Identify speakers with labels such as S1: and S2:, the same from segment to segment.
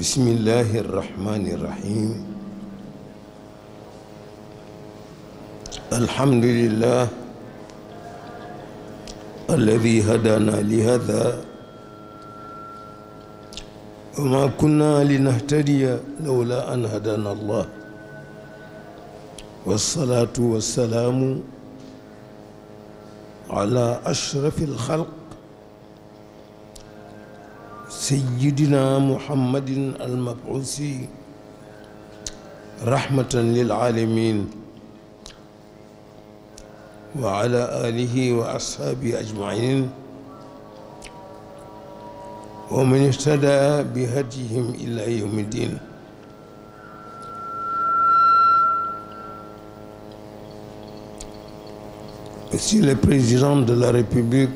S1: bismillahi irrahmani irrahim alhamdulillah alladi hadana lihada wa ma kunna linahtadiya lawla an hadana allah wassalatu wassalaamu ala ashrafi alxalq سيدنا محمد المبعوث رحمة للعالمين وعلى آله وأصحابه أجمعين ومن اهتدى بهديهم إلى يوم الدين Monsieur le Président de la République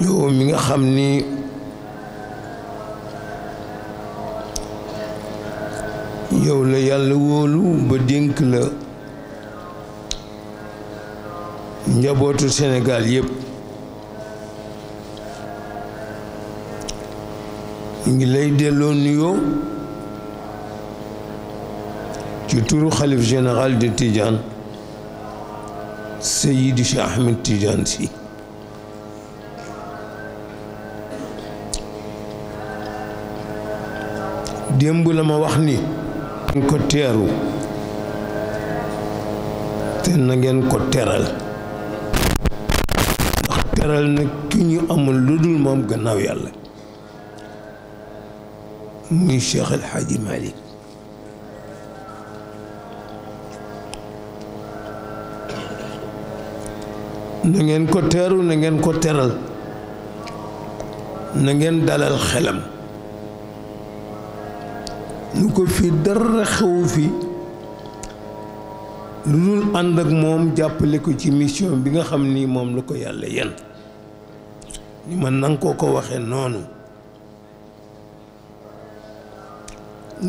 S1: yow mi nga xam ni yow la yàlla woolu ba dénk la njabootu Sénégal yépp ngi lay delloo nuyoo ci turu xalif général de Tidiane Seydi Cheikh Ahmed Tidiane Sy démb la ma wax ni ngeen ko teeru te na ko teral ndax teral na ki ñu amul lu dul moom gannaaw yàlla muy Cheikh El Hadji Malick ngeen ko teeru na ngeen ko teral na ngeen dalal xelam nu ko fii dara xewu fi lu dul ànd ak moom jàppale ko ci mission bi nga xam ni moom la ko yàlla yen li ma nanga koo ko waxee noonu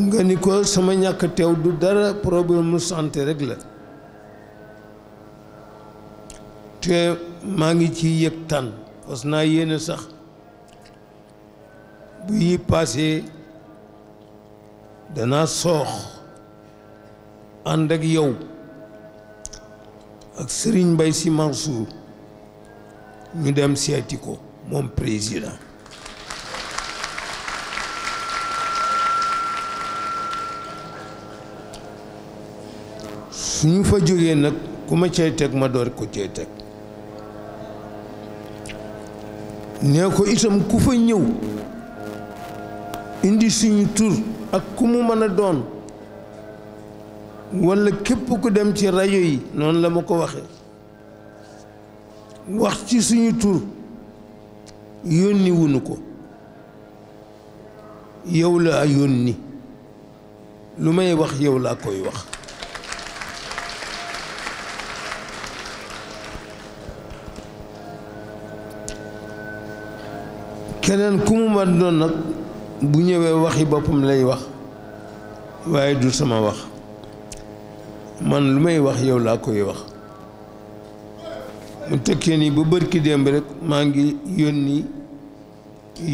S1: nga ni ko sama ñàkk teew du dara problème mu santé rek la te maa ngi ci yëg tànn parce que naa yéene sax bu paasee danaa soox ànd ak yow ak sëriñ bay Sy Mansour ñu dem seeti ko moom président su ñu fa jógee nag ku ma cay teg ma door ko cay teg nee ko itam ku fa ñëw indi suñu tur ak ku mu mën a doon walla képp ku dem ci rajo yi noonu la ma ko waxe wax ci suñu tur yónniwunu ko yow la yónni lu may wax yow laa koy wax keneen ku mu mën doon nag bu ñëwee waxi boppam lay wax waaye du sama wax man lu may wax yow laa koy wax mu tëkkee nii ba bërki démb rekk maa ngi yónni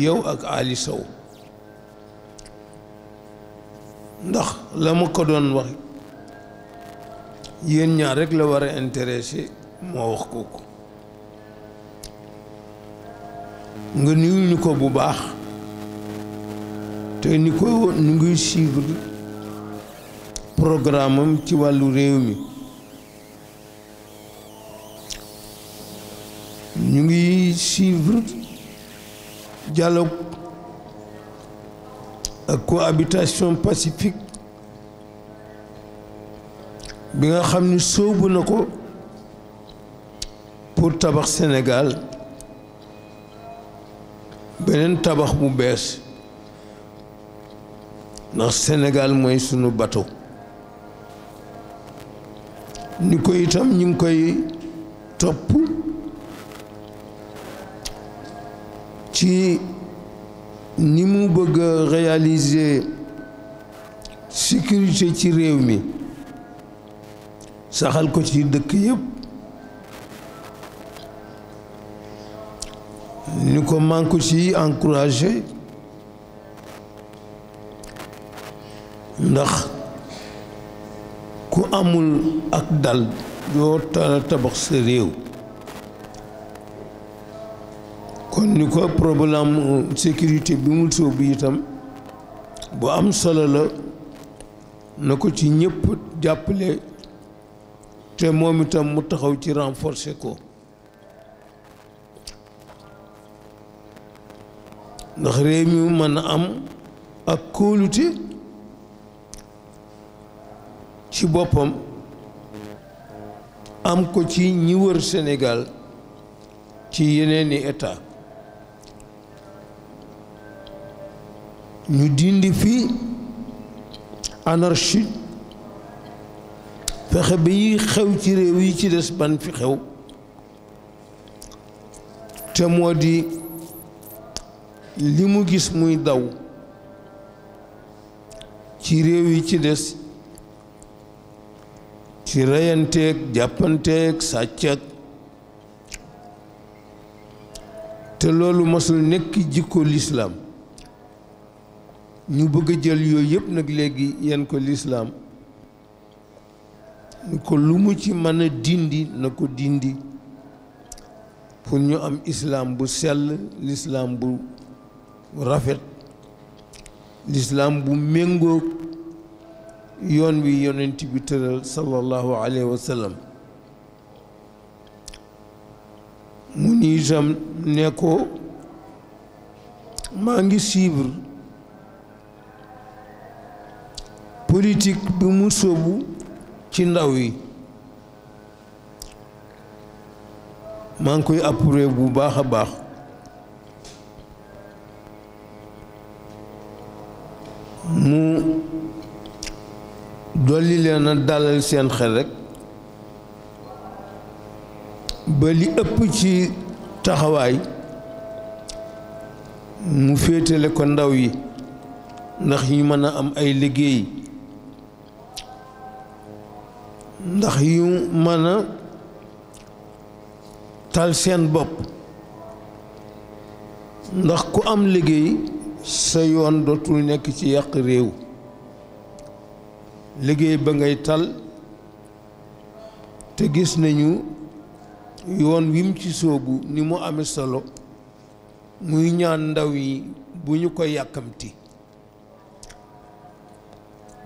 S1: yow ak Ali Sow ndax la ma ko doon wax yéen ñaar rek la war a intéressé moo wax kooku nga nuyul ñu ko bu baax te ni ko nu ngi suivre programme ci wàllu réew mi ñu ngi suivre dialogue ak cohabitation pacifique bi nga xam ni sóobu na ko pour tabax Sénégal beneen tabax bu bees ndax Sénégal mooy sunu bato ni ko itam ñu ngi koy topp ci ni mu bëgg a réaliser sécurité ci réew mi saxal ko ci dëkk yépp ni ko man ci encouragé ndax ku amul ak dal doo tabax sa réew kon ni ko problème sécurité bi mu sóobu itam bu am solo la na ko ci ñépp jàppale te moom itam mu taxaw ci renforcer ko ndax réew mi mën a am ak kóolute ci boppam am ko ci ñi wër Sénégal ci yeneeni état ñu dindi fi anarchie fexe ba yi xew ci réew yi ci des ban fi xew te moo di li mu gis muy daw ci réew yi ci des ci reyanteeg jàppanteeg sàcc te loolu mosul nekk jikko lislaam ñu bëgg a jël yooyu yëpp nag léegi yan ko lislaam ni ko lu mu ci mëna dindi na ko dindi pour ñu am islaam bu sell lislaam bu rafet lislaam bu méngoo yoon wi yonent bi tëral sallallahu alayhi wa sallam mu ni itam ne maa ngi suivre politique bi mu sóobu ci ndaw yi maa ngi koy approuvé bu baax a baax dolli leen a dalal seen xel rek ba li ëpp ci taxawaay mu féetale ko ndaw yi ndax ñu mën a am ay liggéey ndax yu mën a tal seen bopp ndax ku am liggéey sa yoon dootul nekk ci yàq réew liggéey ba ngay tal te gis nañu yoon wim ci sóobu ni mu amee solo muy ñaan ndaw yi bu ñu ko yàkkamti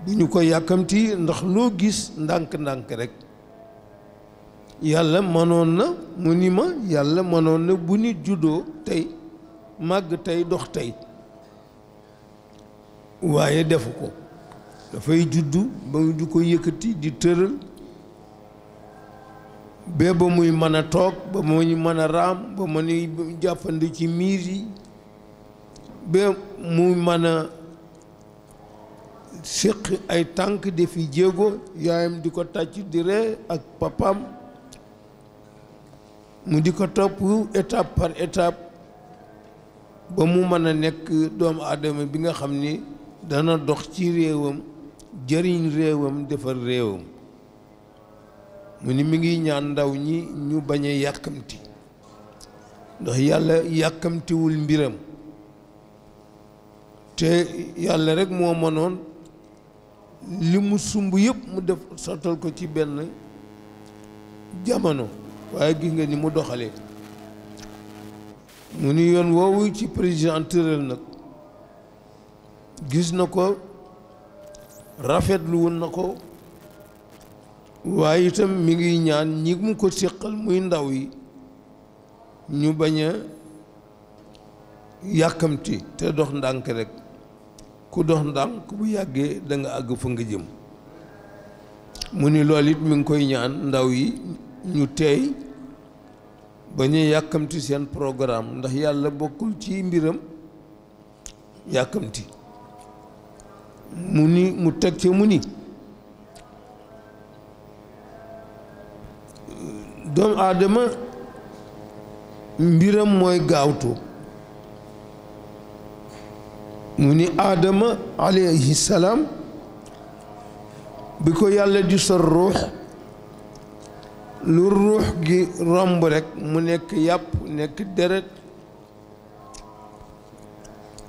S1: bu ñu ko yàkkamti ndax loo gis ndànk-ndànk rekk yàlla mënoon na mu ni ma yàlla mënoon na bu nit juddoo tey màgg tey dox tey waaye defu ko dafay juddu ba ñu di ko yëkkati di tëral bee ba muy mën a toog ba muy mën a raam ba mën a jàppandi ci miir yi ba muy mën a siq ay tànk di fi jéego yaayam di ko tàcc di ree ak papam mu di ko topp étape par étape ba mu mën a nekk doomu aadama bi nga xam ni dana dox ci réewam jëriñ réewam defar réewam mu ni mi ngi ñaan ndaw ñi ñu bañ yàkkamti ndox yàlla yàkkamtiwul mbiram te yàlla rek moo mënoon li mu sumb yépp mu def sottal ko ci benn jamono waaye gis nga ni mu doxalee mu ni yoon woowu ci président tëral nag gis na ko rafetlu woon na ko waaye itam mi ngi ñaan ñi mu ko séqal muy ndaw yi ñu bañ a yàkkamti te dox ndànk rekk ku dox ndànk bu yàggee da àgg fa nga jëm mu ni lool it mi ngi koy ñaan ndaw yi ñu teey ba ñu yàkkamti seen programme ndax yàlla bokkul ci mbiram yàkkamti mu ni mu teg ci mu ni doomu aadama mbiram mooy gaawtu mu ni aadama alayhi salaam bi ko yàlla di sa ruux lu ruux gi romb rekk mu nekk yàpp nekk deret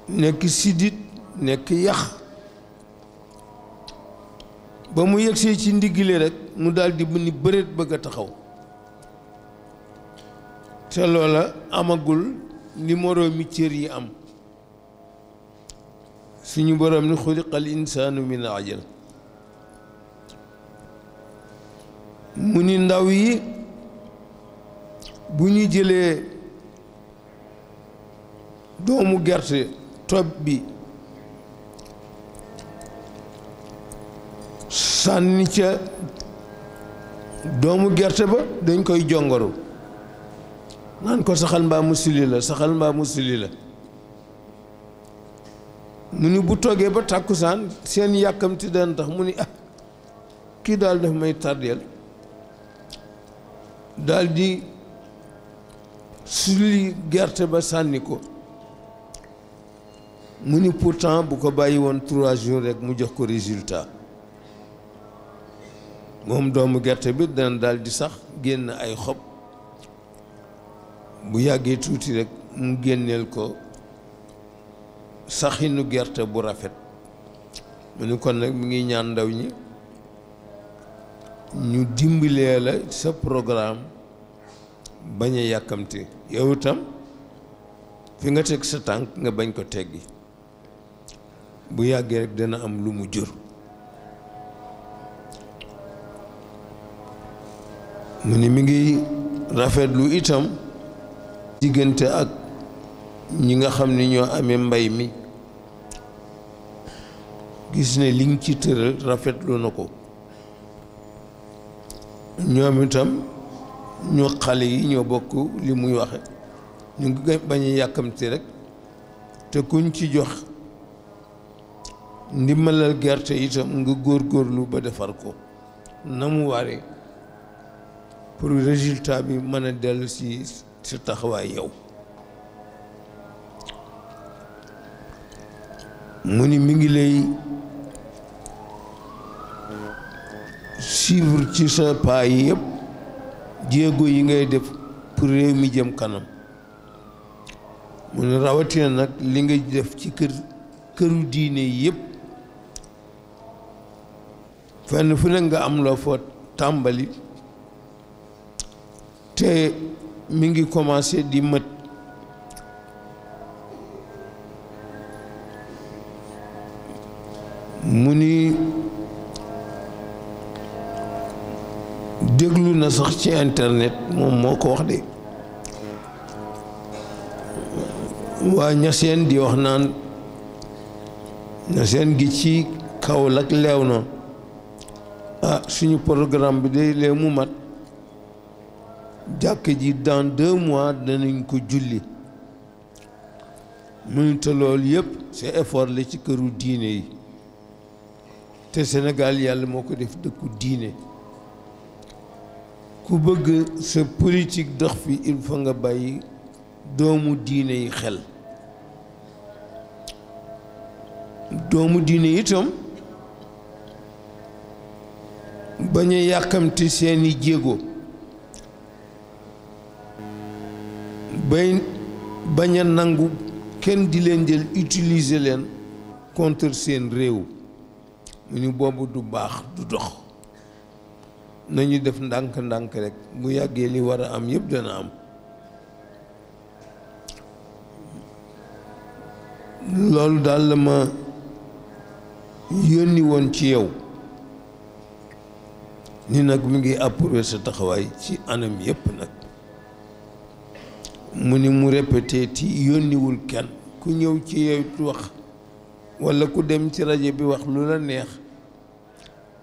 S1: nekk sidit nekk yax ba mu yegsee ci li rekk mu daldi mu ni bëreet bëgg a taxaw te loola amagul ni moroomi cër yi am suñu boroom ni xuliqal insaanu min ajal mu ni ndaw yi bu ñu jëlee doomu gerte tob bi sànni ca doomu gerte ba dañ koy jongoru naan ko saxal mbaa mu sili la saxal mbaa mu sili la mu ni bu toogee ba tàkkusaan seen yàkkamti daan tax mu ni ah kii daal daf may tardeel daldi di suli gerte ba sànni ko mu ni pourtant bu ko bàyyi woon trois jours rek mu jox ko résultat moom doomu gerte bi dana daal di sax génn ay xob bu yàggee tuuti rekk mu génneel ko saxinu gerte bu rafet mu ne kon nag mu ngi ñaan ndaw ñi ñu dimbalee la sa programme bañ a yàkkamte yow itam fi nga teg sa tànk nga bañ ko teggi bu yàggee rek dana am lu mu jur mu ni mi ngi rafetlu itam diggante ak ñi nga xam ni ñoo amee mbay mi gis ne liñ ci tëral rafetlu na ko ñoom itam ñu xale yi ñoo bokk li muy waxe ñu ngi bañ a yàkkamti rek te kuñ ci jox ndimbalal gerte itam nga góorgóorlu ba defar ko na mu waree pour résultat bi mën a dellu si sa taxawaay yow mu ni mi ngi lay suivre ci sa paa yi yëpp jéego yi ngay def pour réew mi jëm kanam mu ne rawatina nag li nga def ci kër këru diine yëpp fenn fu ne nga am loo fa tàmbali te mi ngi commencé di mat mu ni déglu na sax ci internet moom moo ko wax de waa ñaseen di wax naan ñaseen gi ci Kaolack leew na ah suñu programme bi day lee mu mat jàkk ji dans deux mois danañ ko julli mënu lool yépp yëpp c'est la ci këru diine yi te Sénégal yàlla moo ko def dëkku diine ku bëgg sa politique dox fi il faut nga bàyyi doomu diine yi xel doomu diine itam bañ a yàkkamti seeni jéego bay bañ a nangu kenn di leen jël utilise leen contre seen réew mu ñu boobu du baax du dox nañu def ndànk-ndànk rek bu yàggee li war a am yëpp dana am loolu daal la ma yónni woon ci yow ni nag mu ngi approuvé sa taxawaay ci anam yëpp nag mu ni mu répété ti yónniwul kenn ku ñëw ci yow wax walla ku dem ci rajo bi wax lu la neex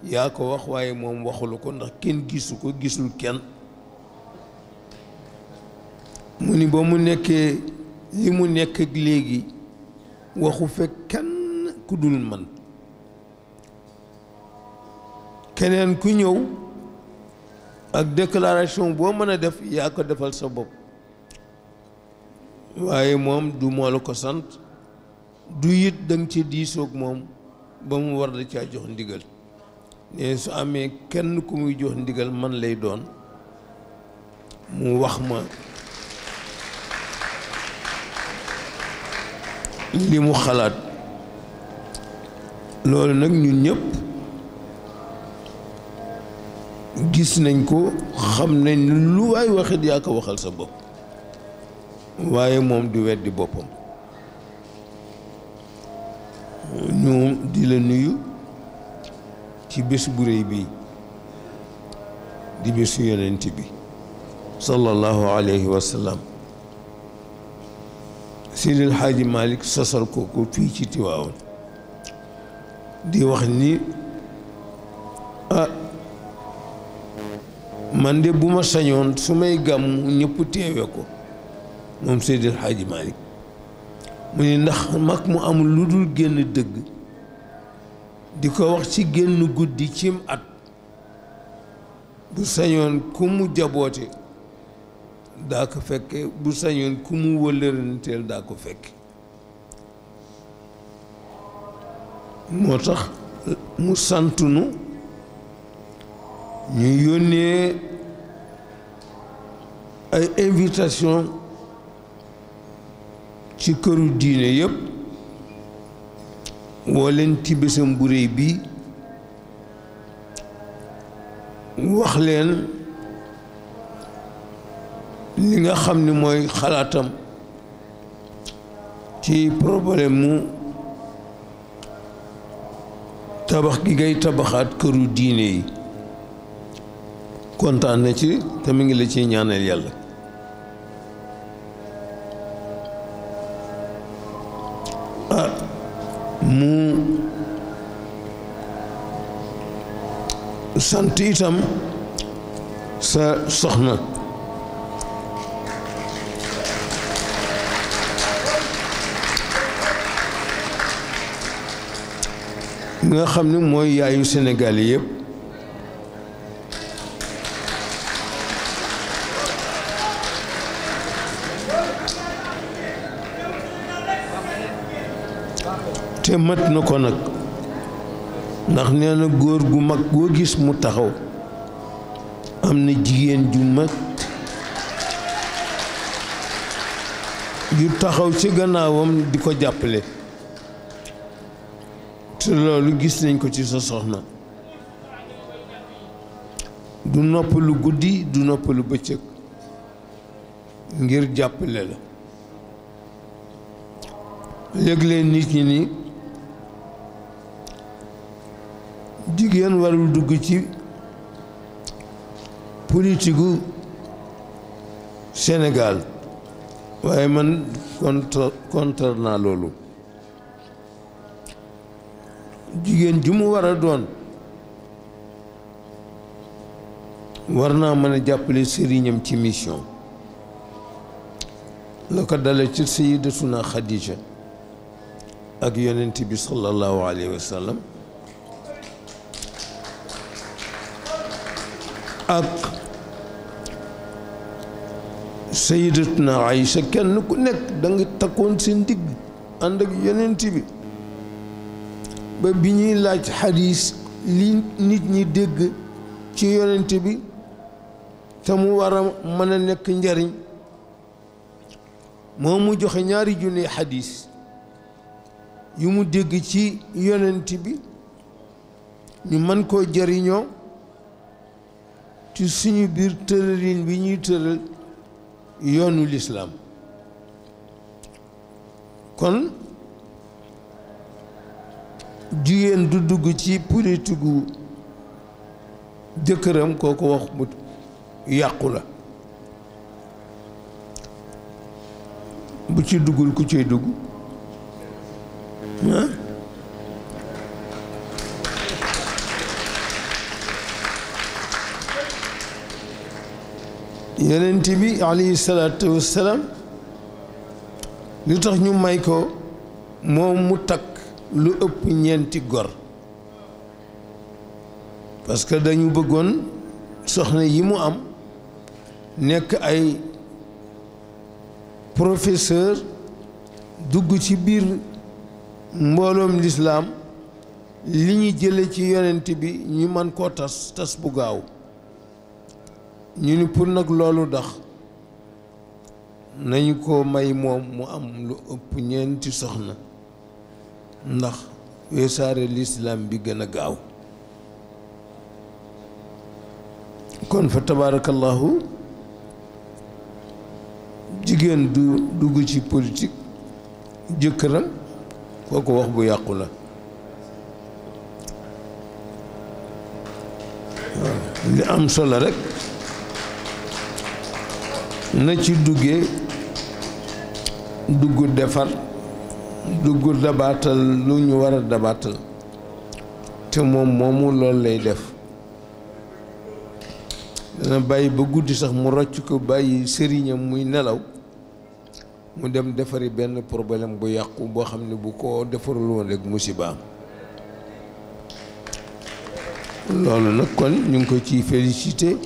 S1: yaa ko wax waaye moom waxulu ko ndax kenn gisu ko gisul kenn mu ni ba mu nekkee li mu nekk ak léegi waxu fekk kenn ku dul man keneen ku ñëw ak déclaration boo mën def yaa ko defal sa bopp waaye moom du moo ko sant du it danga ci diisoog moom ba mu war da caa jox ndigal ne su amee kenn ku muy jox ndigal man lay doon mu wax ma li mu xalaat loolu nag ñun ñëpp gis nañ ko xam nañ lu waay waxit yaa ko waxal sa bopp waaye moom du weddi boppam ñu di la nuyu ci bés bu réy bi di bésu yonent bi sallallahu alayhi wa sallam Seydil Hadji Malick sosal kooku fii ci Tiwaawoon di wax ni ah, man de bu ma sañoon su may gàmm ñëpp teewe ko moom Seydil Hadji Malick mu ni ndax mag mu amul lu dul génn dëgg di ko wax ci génn guddi cim at bu sañoon ku mu jaboote daa ko fekke bu sañoon ku mu wëllëranteel daa ko fekke moo tax mu santunu ñu yónnee ay invitation ci këru diine yëpp woo leen ci bisam bu réy bi wax leen li nga xam ni mooy xalaatam ci problème tabax gi ngay tabaxaat këru diine yi kontaan na ci te mu ngi la ciy ñaanal yàlla sant itam sa soxna nga xam ne mooy yaayu Sénégal yëpp te mat na ko nag ndax nee góor gu mag goo gis mu taxaw am na jigéen ju mag ju taxaw ci gannaawam di ko jàppale te loolu gis nañ ko ci sa soxna du noppalu guddi du noppalu bëccëg ngir jàppale la yëg leen nit ñi ni jigéen warul dugg ci politiku Sénégal waaye man contre contre naa loolu jigéen ju mu war a doon war naa mën a jàppale sëriñam ci mission la ko dale ci sayidatuna Xadija ak yonent bi sallallahu alayhi wa ak sayidatuna Aysa kenn ku nekk danga nga takkoon seen digg ànd ak yonent bi ba bi ñuy laaj xadiis li nit ñi dégg ci yonent bi te mu war a mën a nekk njariñ moo mu joxe ñaari junni xadis yu mu dégg ci yonent bi ñu mën koo jariñoo ci suñu biir tëralin bi ñuy tëral yoonu lislaam kon jigéen du dugg ci politigu jëkkëram kooku wax mu yàqu la bu ci duggul ku ciy dugg ah yonent bi alayhi salaatu wassalaam lu tax ñu may ko moom mu takk lu ëpp ñeenti gor parce que dañu bëggoon soxna yi mu am nekk ay professeur dugg ci biir mbooloom lislaam li ñu jële ci yonent bi ñu mën koo tas tas bu gaaw ñu ni pour nag loolu dax nañu ko may moom mu am lu ëpp ñeenti soxna ndax weesaare lislaam bi gën a gaaw kon fa tabaarakallahu jigéen du dugg ci politique jëkkëram kooku wax bu yàqu la li am solo rekk na ci duggee dugg defar dugg dabaatal lu ñu war a dabaatal te moom moomu loolu lay def dana bàyyi ba guddi sax mu rocc ko bàyyi sëriñam muy nelaw mu dem defari benn problème bu yàqu boo xam ne bu ko defarul woon rek musibaam loolu nag kon ñu ngi ko ciy félicité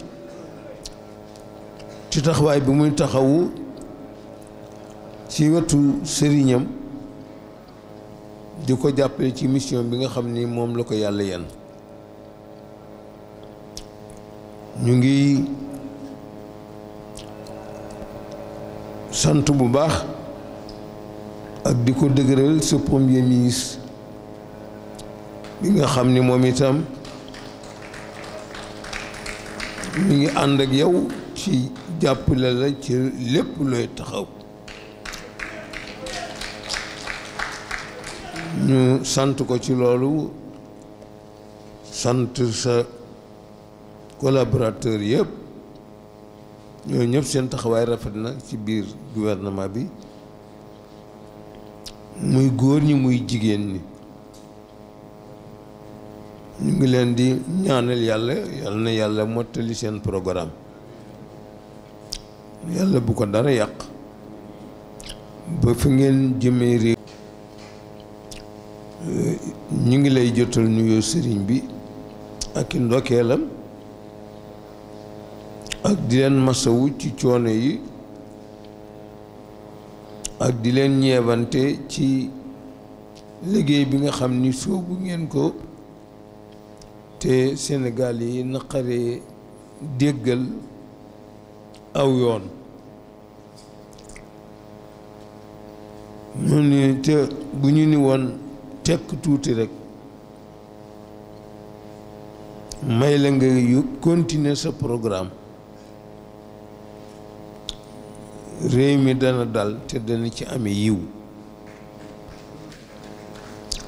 S1: ci taxawaay bi muy taxawu ci wetu sëriñam di ko jàppale ci mission bi nga xam ni moom la ko yàlla yenn ñu ngi sant bu baax ak di ko dëgëral sa premier ministre bi nga xam ni moom itam mi ngi ànd ak yow ci jàppale la ci lépp looy taxaw ñu sant ko ci loolu sant sa collaborateur yëpp ñooñu ñëpp seen taxawaay rafet na ci biir gouvernement bi muy góor ñi muy jigéen ñi ñu ngi leen di ñaanal yàlla yàlla na yàlla mottali seen programme yàlla bu ko dara yàq ba fi ngeen jëmee réew ñu ngi lay jotal nuyoo sëriñ bi ak i ndokkeelam ak di leen masawu ci coono yi ak di leen ñeebante ci liggéey bi nga xam ni soobu ngeen ko te Sénégal yi naqaree déggal aw yoon bu ñu ni woon tekk tuuti rek may la nga yu continuer sa programme réew mi dana dal te dana ci ami yiw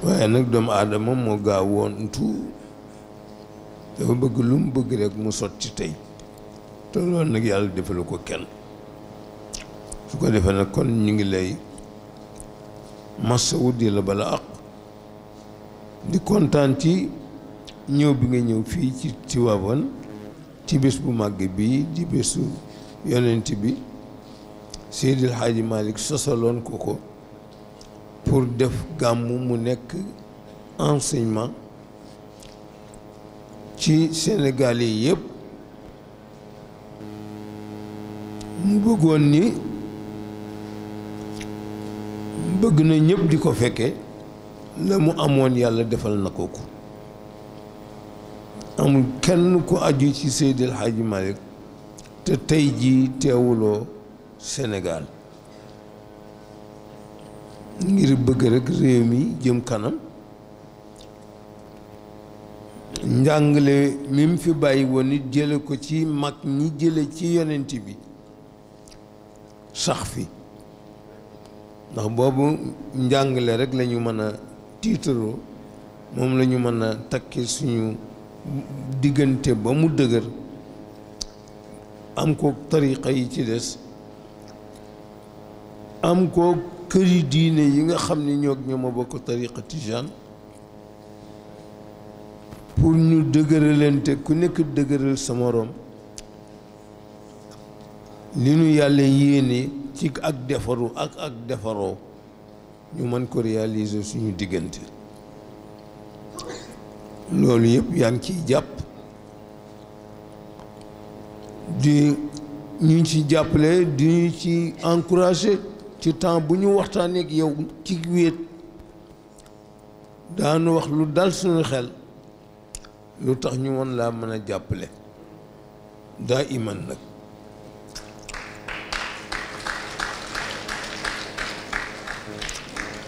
S1: waaye nag doomu aadama moo gaaw woon tu dafa bëgg lu mu bëgg rek mu sotti tey te nag yàlla defalu ko kenn su ko defee nag kon ñu ngi lay masawu di la bala ak di kontaan ci ñëw bi nga ñëw fii ci Tiwaawan ci bés bu màgg bii di bésu yonent bi Seydil Hadji Malick sosaloon ko ko pour def gàmmu mu nekk enseignement ci Sénégalais yëpp mu bëggoon ni bëgg na ñépp di ko fekke la mu amoon yàlla defal na ko kooku amul kenn ku aju ci Seydi El Hadji te tey jii teewuloo Sénégal ngir bëgg rekk réew mi jëm kanam njàngale mi mu fi bàyyi woon it jële ko ci mag ñi jële ci yonent bi sax fi ndax boobu njàngale rekk lañu mën a tiitaroo moom lañu mën a takki suñu diggante ba mu dëgër am kook tariqa yi ci des am kook këri diine yi nga xam ne ñoog ñoom a bokk tijaan pour ñu dëgëralante ku nekk dëgëral sa moroom li nu yàlla yéene ci ak defaru ak ak defaroo ñu mën ko réaliser suñu diggante loolu yëpp yaa ngi ciy jàpp di ñu ci jàppale di ñu ci encouragé ci temps bu ñu waxtaanee ak yow ci wéet daanu wax lu dal suñu xel lu tax ñu mën laa mën a jàppale daa iman nag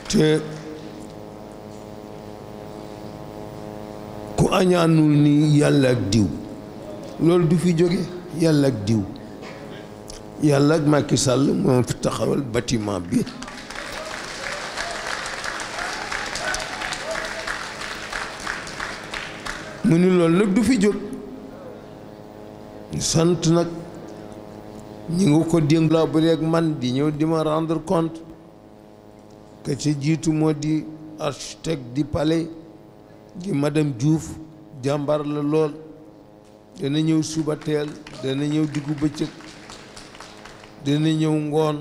S1: te ku añaanul ni yàlla ak diw loolu du fi jóge yàlla ak diw yàlla ak Macky Sall fi taxawal bâtiment bi mu ni loolu nag du fi jóg sant nag ñu nga ko dénk laa bëri ak man di ñëw di ma rendre compte ka ca jiitu moo di architecte di palais di madame Diouf jàmbar la lool dana ñëw suba teel dana ñëw diggu bëccëg dana ñëw ngoon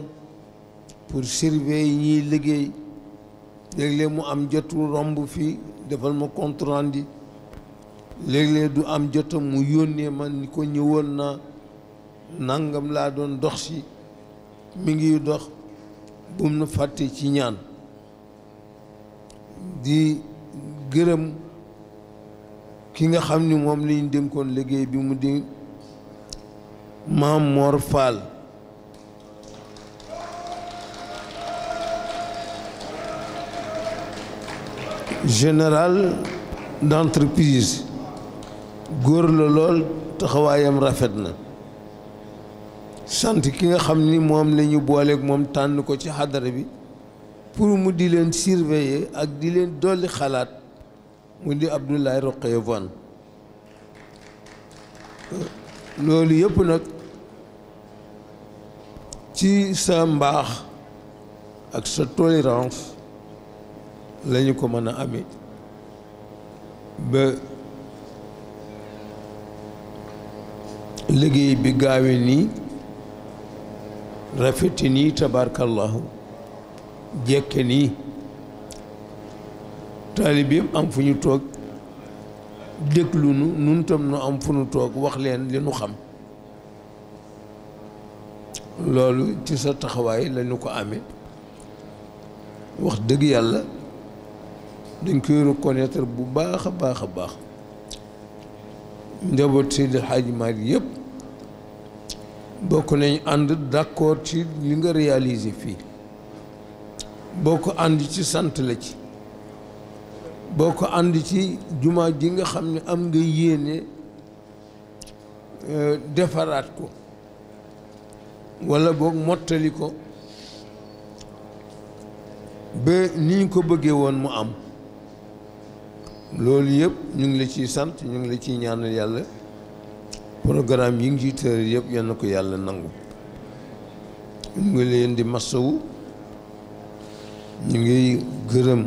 S1: pour surveiller ñiy liggéey léeg-léeg mu am jotu romb fii defal ma compte rendu léeg-léeg du am jotam mu yónnee man ni ko ñëwoon na nangam laa doon dox si mi ngi dox bum na fàtte ci ñaan di gërëm ki nga xam ni moom la ñu dénkoon liggéey bi mu di maam Mor Fall général d'entreprise góor la lool taxawaayam rafet na sant ki nga xam ni moom la ñu moom tànn ko ci xadara bi pour mu di leen surveiller ak di leen dolli xalaat mu di Abdoulaye Rokhaya Wane loolu yëpp nag ci sa mbaax ak sa tolérance lañu ko mën a ame ba liggéey bi gaawe nii rafeti nii tabaarkallahu jekke nii taalib yëpp am fu ñu toog déglu nu nun tam nu am fu nu toog wax leen li nu xam loolu ci sa taxawaay lañu ko amee wax dëgg yàlla dañ koy reconnaître bu baax a baax a baax njaboot Seydi Hadji Malick yëpp bokk nañu ànd dakoor ci li nga réaliser fii boo ko ànd ci sant la ci boo ko ànd ci jumaa ji nga xam ne am nga yéene euh, defaraat ko wala boog mottali ko ba ni ñu ko bëggee woon mu am loolu yëpp ñu ngi la ciy sant ñu ngi la ciy ñaanal yàlla programme yi ngi ciy tëral yëpp yal ko yàlla nangu ñu ngi leen di masawu ñu ngi gërëm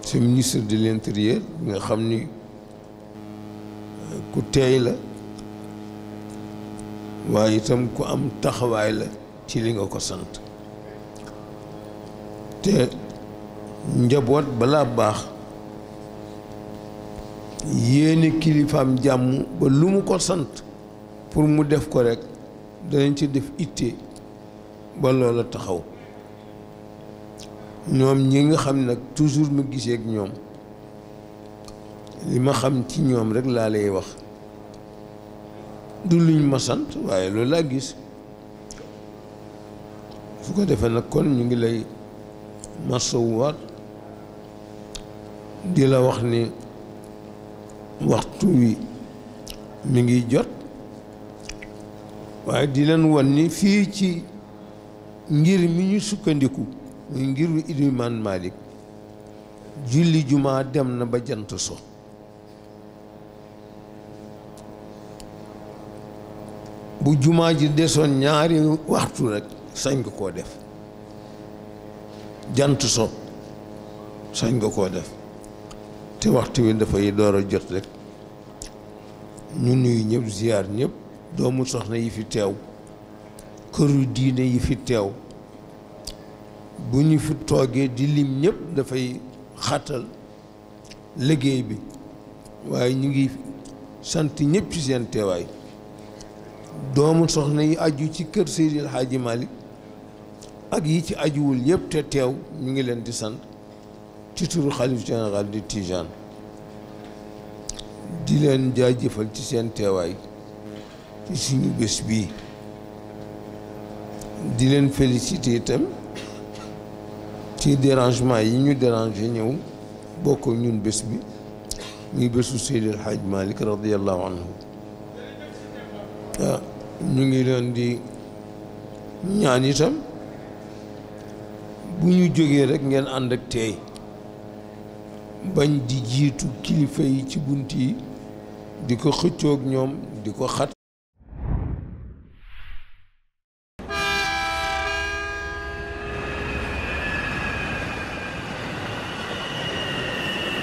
S1: sa ministre de l'intérieur nga xam ni ku teey la waaye itam ku am taxawaay la ci li nga ko sant te njaboot balaa baax yéene kilifaam jàmm ba lu mu ko sant pour mu def ko rekk danañ ci def itte ba loola taxaw ñoom ñi nga xam nag toujours ma giseek ñoom li ma xam ci ñoom rek laa lay wax du luñ ma sant waaye loolu laa gis su ko defee nag kon ñu ngi lay masawuwaat di la wax ni waxtu wi mi ngi jot waaye di leen won ni fii ci ngir mi ñu sukkandiku muy ngiru Ilimaan Maalik julli jumaa dem na ba jant so bu jumaa ji desoon ñaari waxtu rek sañ nga koo def jant so sañ nga koo def te waxtu wi dafay door a jot rek ñu nuyu ñëpp ziyaar ñëpp doomu soxna yi fi teew këru diine yi fi teew bu ñu fi toogee di lim ñëpp dafay xàttal liggéey bi waaye ñu ngi sant ñëpp ci seen teewaay doomu soxna yi aju ci kër Seydil Hadji ak yi ci ajuwul yëpp te teew ñu ngi leen di sant ci turu xalif général di Tijaan di leen jaajëfal ci seen teewaay ci suñu bés bii di leen félicité itam ci dérangement yi ñu dérangé ñëw bokk ñun bés bi muy bésu Seydi El Hadj radiallahu anhu ah, ñu ngi leen di ñaan itam bu ñu jógee rek ngeen ànd ak teey bañ di jiitu kilifa yi ci bunt yi di ko xëccoog ñoom di ko xat